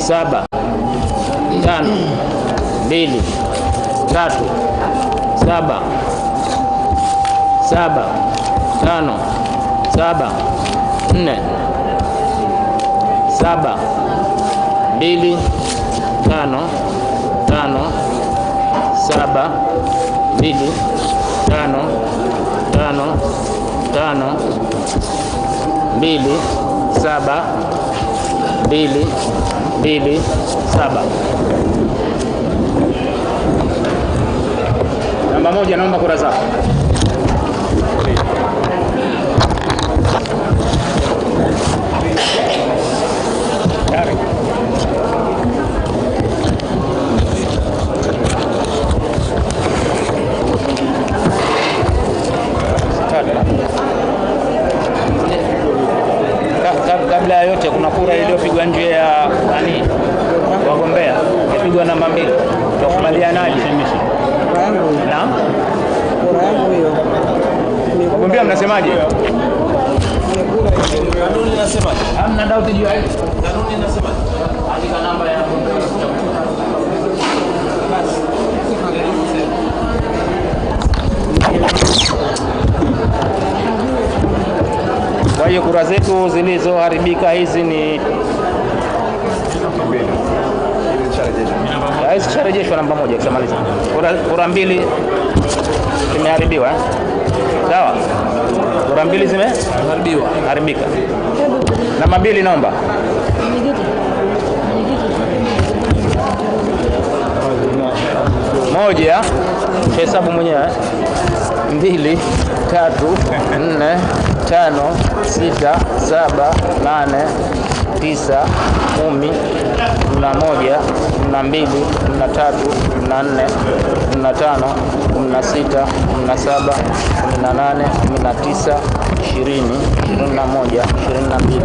saba tano mbili tatu saba saba tano saba nne saba mbili tano tano saba mbili tano tano tano mbili saba mbili mbili saba. Namba moja, naomba kura zako. hizi kura zetu zilizoharibika hizi ni ah, zisharejeshwa namba moja, kishamaliza kura, kura mbili zimeharibiwa eh? Sawa, kura mbili zimeharibika haribika. Namba mbili naomba moja, hesabu mwenyewe eh? mbili, tatu, nne, tano sita, saba, nane, tisa, kumi, kumi na moja, kumi na mbili, kumi na tatu, kumi na nne, kumi na tano, kumi na sita, kumi na saba, kumi na nane, kumi na tisa, ishirini, ishirini na moja, ishirini na mbili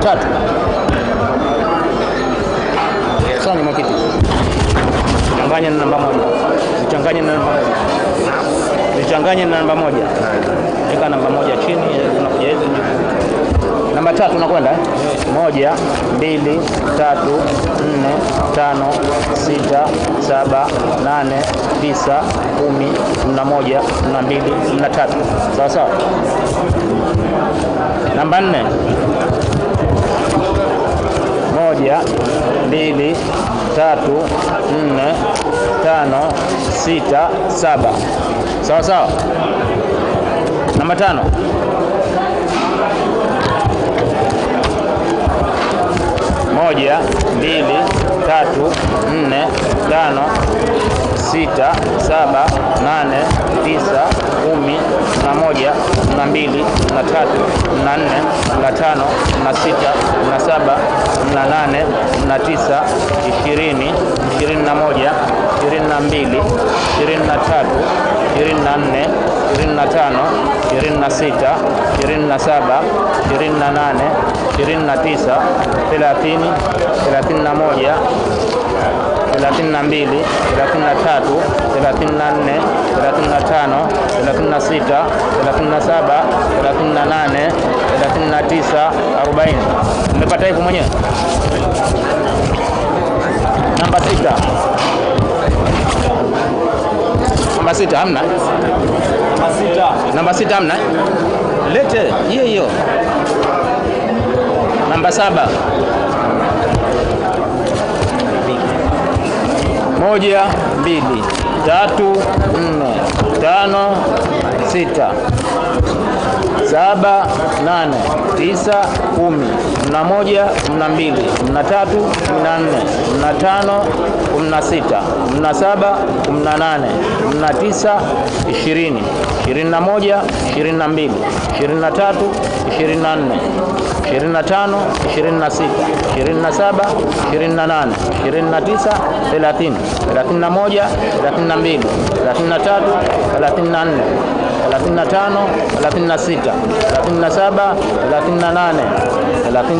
tatu. sani mwakiti Changanya na namba moja. Changanya na namba moja. Nichanganye na namba moja. Weka namba moja chini unakuja hizi namba tatu unakwenda eh? Moja, mbili, tatu, nne, tano, sita, saba, nane, tisa, kumi, kumi na moja, kumi na mbili, kumi na tatu. Sawa sawa. Namba nne moja, mbili, tatu, nne, tano, sita, saba. Sawa sawa. Namba tano. Moja, mbili, tatu, nne, tano, sita, saba, nane, tisa kumi na moja na mbili na tatu na nne na tano na sita na saba na nane na tisa ishirini ishirini na moja ishirini na mbili ishirini na tatu ishirini na nne ishirini na tano ishirini na sita ishirini na saba ishirini na nane ishirini na tisa thelathini thelathini na moja 32, 33, 34, 35, 36, 37, 38, 39, 40. Umepata hivyo mwenyewe? Namba sita. Namba sita hamna? Namba sita. Namba sita hamna? Lete hiyo hiyo. Namba saba. moja, mbili, tatu, nne, tano, sita, saba, nane, tisa, kumi mna moja, mna mbili, mna tatu, mna nne, mna tano, mna sita, mna saba, mna nane, mna tisa, ishirini, ishirini na moja, ishirini na mbili, ishirini na tatu, ishirini na nne, ishirini na tano, ishirini na sita, ishirini na saba, ishirini na nane, ishirini na tisa, thelathini, thelathini na moja, thelathini na mbili, thelathini na tatu, thelathini na nne 35, 36, 37, 38, 39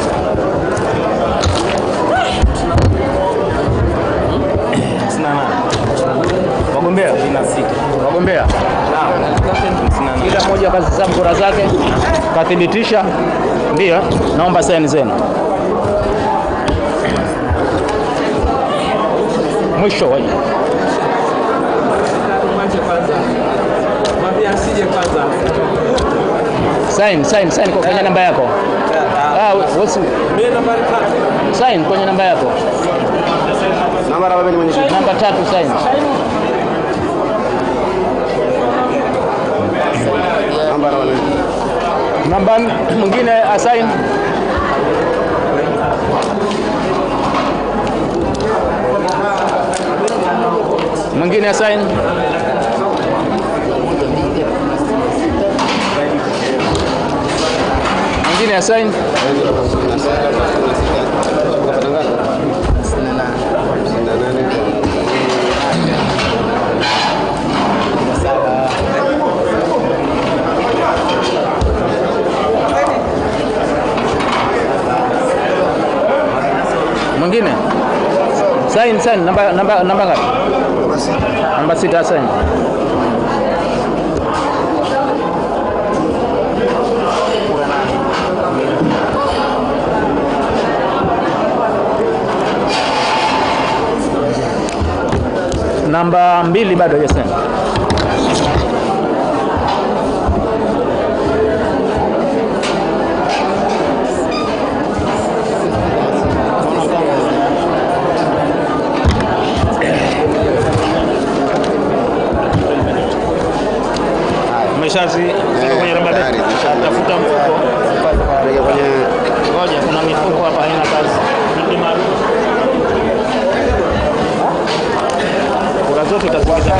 wagombea kila mmoja akazihesabu kura zake kathibitisha. ndio naomba saini zenu. Mwisho wa saini, saini, saini kwenye namba yako, ah, saini kwenye namba yako, namba tatu saini. Naban mwingine eh, asain mwingine asain mwingine asain Sign, sign. Number, number, number Nampak Number sita sign. Namba mbili bado ya sign. kazi kwenye raba atafuta mfuko ngoja, kuna mifuko hapa haina kazi kura zote utazikiza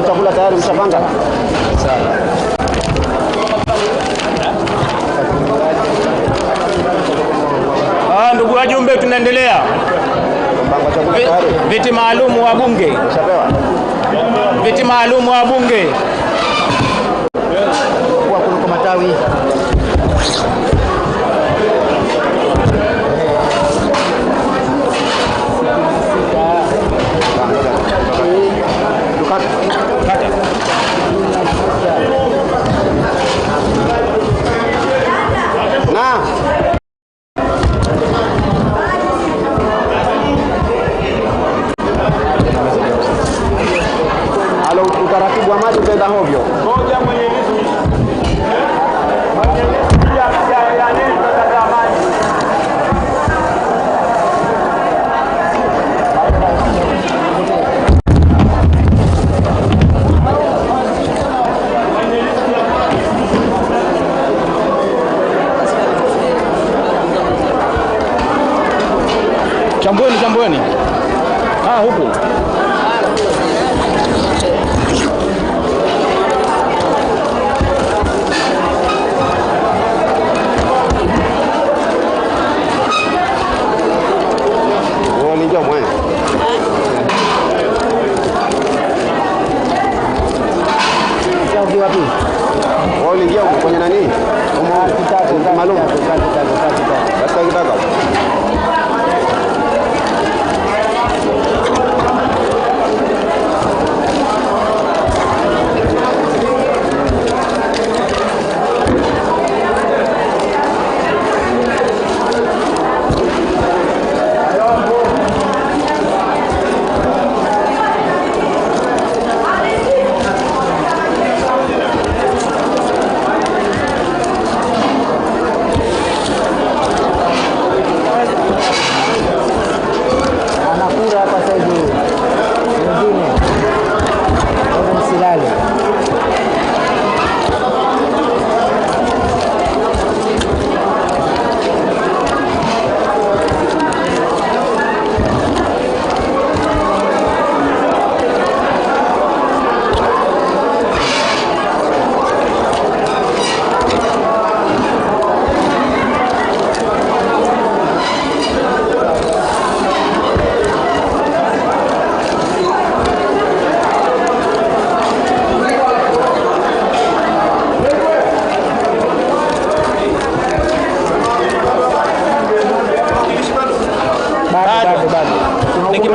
chakula tayari ushapanga sawa viti maalumu wa bunge, viti maalumu wa bunge.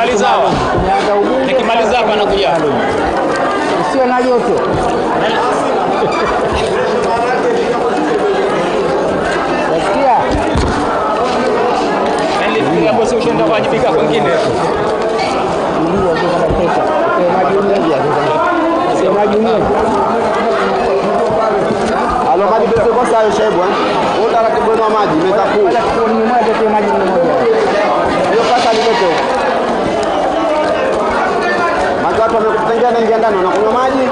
kumaliza hapo. Nikimaliza hapa nakuja. Sio na joto. Nasikia. Nilifikiria bosi ushaenda kuwajibika kwingine. Ndio kwa pesa. Semaji uma sasa. Semaji mmoja. Alokati pesa kwa sayo shebu eh. Utaratibu wa maji metakuwa. Kwa maji mmoja. Hiyo pesa ni nandiyan, nandiyan, ano, naku na mali.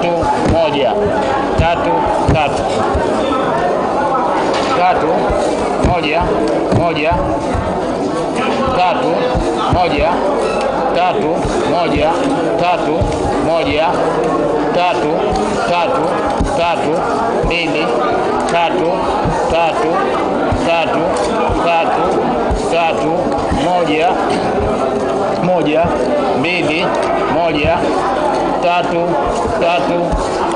tatu moja tatu tatu tatu moja moja tatu moja tatu moja tatu moja tatu tatu tatu mbili tatu tatu tatu tatu tatu moja moja mbili moja tatu tatu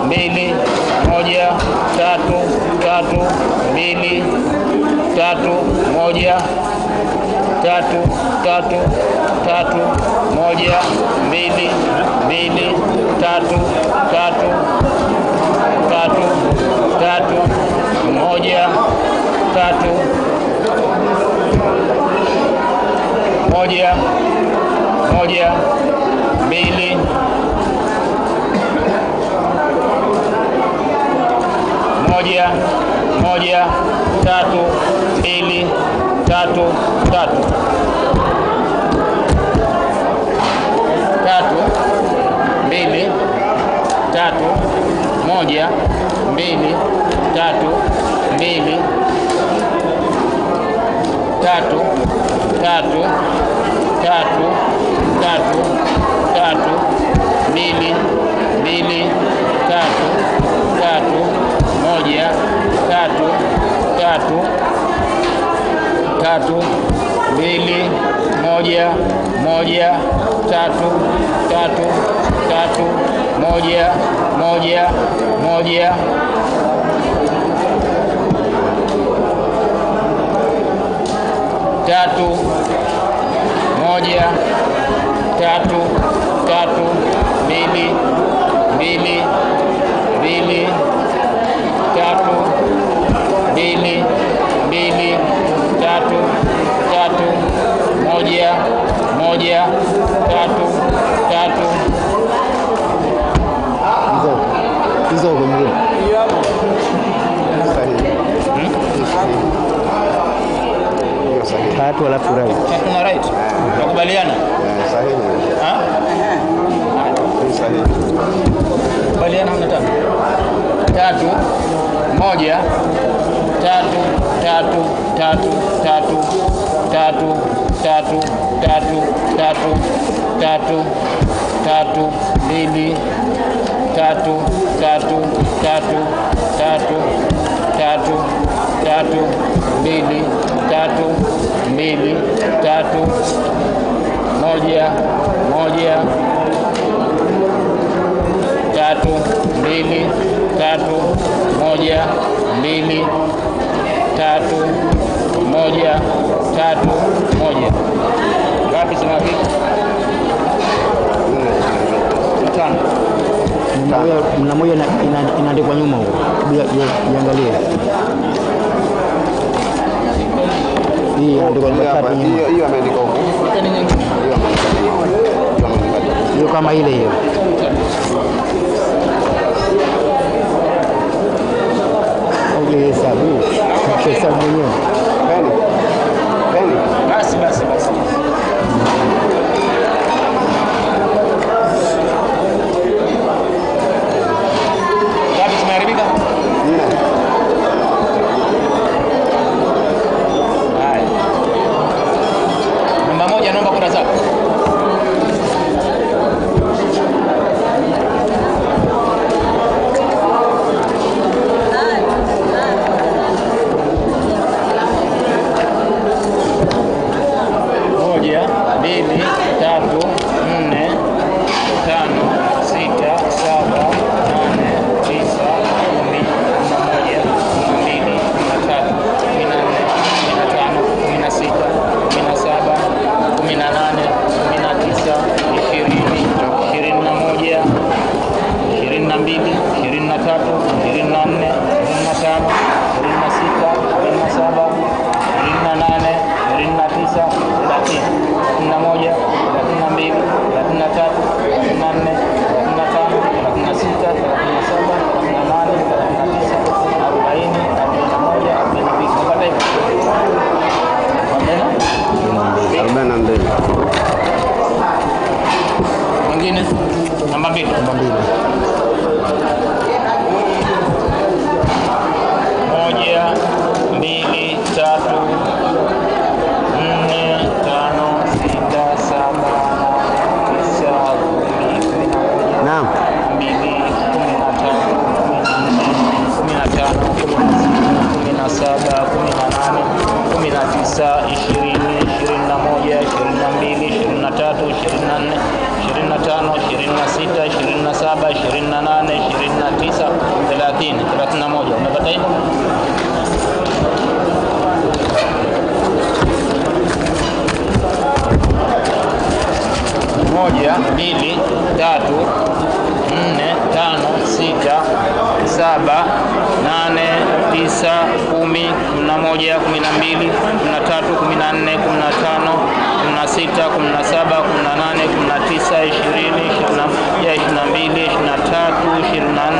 mbili moja tatu tatu mbili tatu moja tatu tatu tatu moja mbili mbili tatu moja tatu tatu tatu moja moja moja tatu moja tatu tatu mbili mbili mbili tatu mbili mbili tatu tatu moja moja tatu tatu hizo kumlia tatu alafu right. Tatu na right. Tunakubaliana? Eh, sahihi. Ah? Sahihi. Kubaliana mna tatu. Tatu moja tatu tatu tatu tatu tatu tatu tatu tatu tatu tatu mbili tatu tatu tatu tatu tatu tatu mbili tatu mbili tatu moja moja tatu mbili tatu moja mbili tatu moja tatu moja ngapi? Sinafiki mtano mna moja inaandikwa nyuma huko, jiangalie hii inaandikwa nyuma tatu nyuma, hiyo ameandika huko, hiyo kama ile hiyo ugehesabu, ukihesabu mwenyewe mbili, ishirini na tatu, ishirini na nne, ishirini na tano, ishirini na sita, ishirini na saba, ishirini na nane, ishirini na tisa, thelathini, thelathini na moja, thelathini na mbili, thelathini na tatu, thelathini na nne, thelathini na tano, thelathini na sita, thelathini na saba, thelathini na nane, thelathini na tisa, arobaini, arobaini na moja, arobaini na mbili, hivi arobaini na mbili. Mwingine namba mbili, namba mbili. mbili, kumi na tano, kumi na tano, kumi na saba, kumi na nane, kumi na tisa, ishirini, ishirini na moja, ishirini na mbili, ishirini na tatu, ishirini na nne, ishirini na tano, ishirini na sita, ishirini na saba, ishirini na nane, ishirini na tisa, thelathini, thelathini na moja. Umepata hilo? moja, mbili, tatu, nne, tano, sita, saba, nane, tisa, kumi, kumi na moja, kumi na mbili, kumi na tatu, kumi na nne, kumi na tano, kumi na sita, kumi na saba, kumi na nane, kumi na tisa, ishirini, ishirini na moja, ishirini na mbili, ishirini na tatu, ishirini na nne